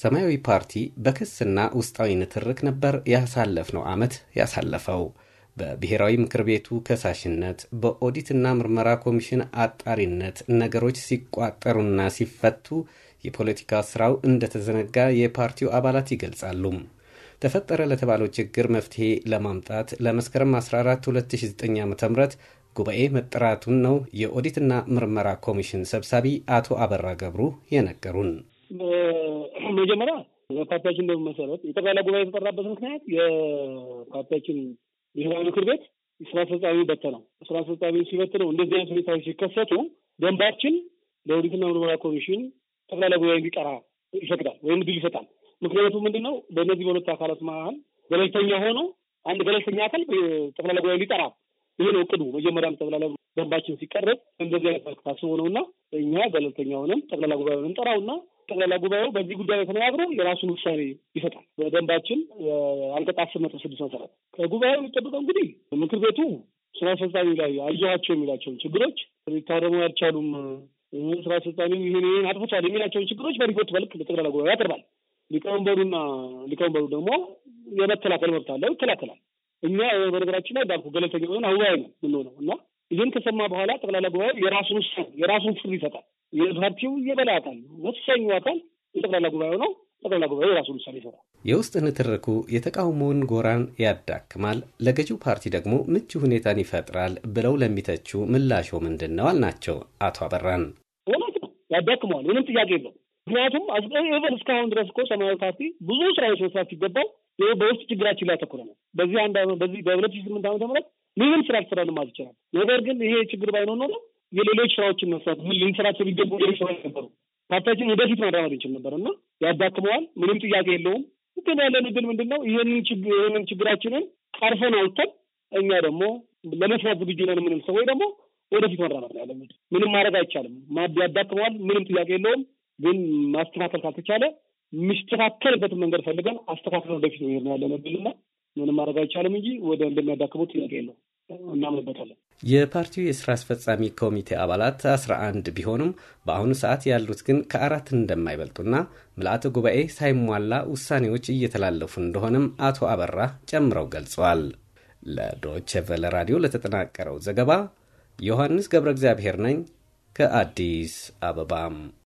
ሰማያዊ ፓርቲ በክስና ውስጣዊ ንትርክ ነበር ያሳለፍነው ዓመት ያሳለፈው። በብሔራዊ ምክር ቤቱ ከሳሽነት በኦዲትና ምርመራ ኮሚሽን አጣሪነት ነገሮች ሲቋጠሩና ሲፈቱ የፖለቲካ ስራው እንደተዘነጋ የፓርቲው አባላት ይገልጻሉ። ተፈጠረ ለተባለው ችግር መፍትሄ ለማምጣት ለመስከረም 14 2009 ዓ ም ጉባኤ መጠራቱን ነው የኦዲትና ምርመራ ኮሚሽን ሰብሳቢ አቶ አበራ ገብሩ የነገሩን። መጀመሪያ ፓርቲያችን በመሰረት የጠቅላላ ጉባኤ የተጠራበት ምክንያት የፓርቲያችን ብሔራዊ ምክር ቤት ስራ አስፈጻሚ በተነው። ስራ አስፈጻሚ ሲበትነው እንደዚህ አይነት ሁኔታዎች ሲከሰቱ ደንባችን ለኦዲትና ምርመራ ኮሚሽን ጠቅላላ ጉባኤ እንዲጠራ ይፈቅዳል ወይም ድል ይሰጣል። ምክንያቱ ምንድን ነው? በእነዚህ በሁለቱ አካላት መሀል ገለልተኛ ሆኖ አንድ ገለልተኛ አካል ጠቅላላ ጉባኤ እንዲጠራ ይሄ ነው እቅዱ። መጀመሪያም ጠቅላላ ደንባችን ሲቀረጽ እንደዚህ አይነት ታስቦ ነው እና እኛ ገለልተኛ ሆነም ጠቅላላ ጉባኤ ሆነን ጠራውና ጠቅላላ ጉባኤው በዚህ ጉዳይ ተነጋግሮ የራሱን ውሳኔ ይሰጣል። በደንባችን አንቀጽ አስር መቶ ስድስት መሰረት ከጉባኤው የሚጠብቀው እንግዲህ ምክር ቤቱ ስራ አስፈጻሚ ላይ አየኋቸው የሚላቸውን ችግሮች ሊታረሙ ያልቻሉም ስራ አስፈጻሚ ይህን ይህን አጥፍቷል የሚላቸውን ችግሮች በሪፖርት መልክ ለጠቅላላ ጉባኤ ያቀርባል። ሊቀመንበሩና ሊቀመንበሩ ደግሞ የመከላከል መብት አለው፣ ይከላከላል። እኛ በነገራችን ላይ ባልኩ ገለልተኛ ሆን አዋይ ነው ምንሆነው እና ይህን ከሰማ በኋላ ጠቅላላ ጉባኤ የራሱን ውሳኔ የራሱን ፍር ይሰጣል። የፓርቲው የበላይ አካል ወሳኙ አካል የጠቅላላ ጉባኤው ነው። ጠቅላላ ጉባኤ የራሱን ውሳኔ ይሰጣል። የውስጥ ንትርኩ የተቃውሞውን ጎራን ያዳክማል፣ ለገዢው ፓርቲ ደግሞ ምቹ ሁኔታን ይፈጥራል ብለው ለሚተቹ ምላሾ ምንድን ነው አልናቸው። አቶ አበራን እውነት ነው ያዳክመዋል፣ ምንም ጥያቄ የለው። ምክንያቱም ኤቨን እስካሁን ድረስ እኮ ሰማያዊ ፓርቲ ብዙ ስራዎች መስራት ሲገባው በውስጥ ችግራችን ላይ ተኩረ ነው። በዚህ አንድ በዚህ በሁለት ሺህ ስምንት ዓመተ ምህረት ምንም ስራ አልሰራን ማለት ይችላል። ነገር ግን ይሄ ችግር ባይኖር ኖሮ የሌሎች ስራዎችን መስራት ምን ልንሰራቸው የሚገቡ ሌሎች ስራዎች ነበሩ። ፓርቲያችን ወደፊት ማራመድ እንችል ነበር እና ያዳክመዋል። ምንም ጥያቄ የለውም። ግን ያለን ግን ምንድን ነው ይህንን ችግራችንን ቀርፈን አውጥተን እኛ ደግሞ ለመስራት ዝግጁ ነን የምንል ሰው ወይ ደግሞ ወደፊት መራመድ ነው ያለን። ምንም ማድረግ አይቻልም። ያዳክመዋል። ምንም ጥያቄ የለውም። ግን ማስተካከል ካልተቻለ የሚስተካከልበትን መንገድ ፈልገን አስተካክለን ወደፊት ነው ያለንብንና ምንም ማድረግ አይቻልም እንጂ ወደ እንደሚያዳክመው ጥያቄ የለውም። እናምንበታለን። የፓርቲው የስራ አስፈጻሚ ኮሚቴ አባላት 11 ቢሆኑም በአሁኑ ሰዓት ያሉት ግን ከአራት እንደማይበልጡና ምልአተ ጉባኤ ሳይሟላ ውሳኔዎች እየተላለፉ እንደሆነም አቶ አበራ ጨምረው ገልጸዋል። ለዶች ቨለ ራዲዮ ለተጠናቀረው ዘገባ ዮሐንስ ገብረ እግዚአብሔር ነኝ ከአዲስ አበባም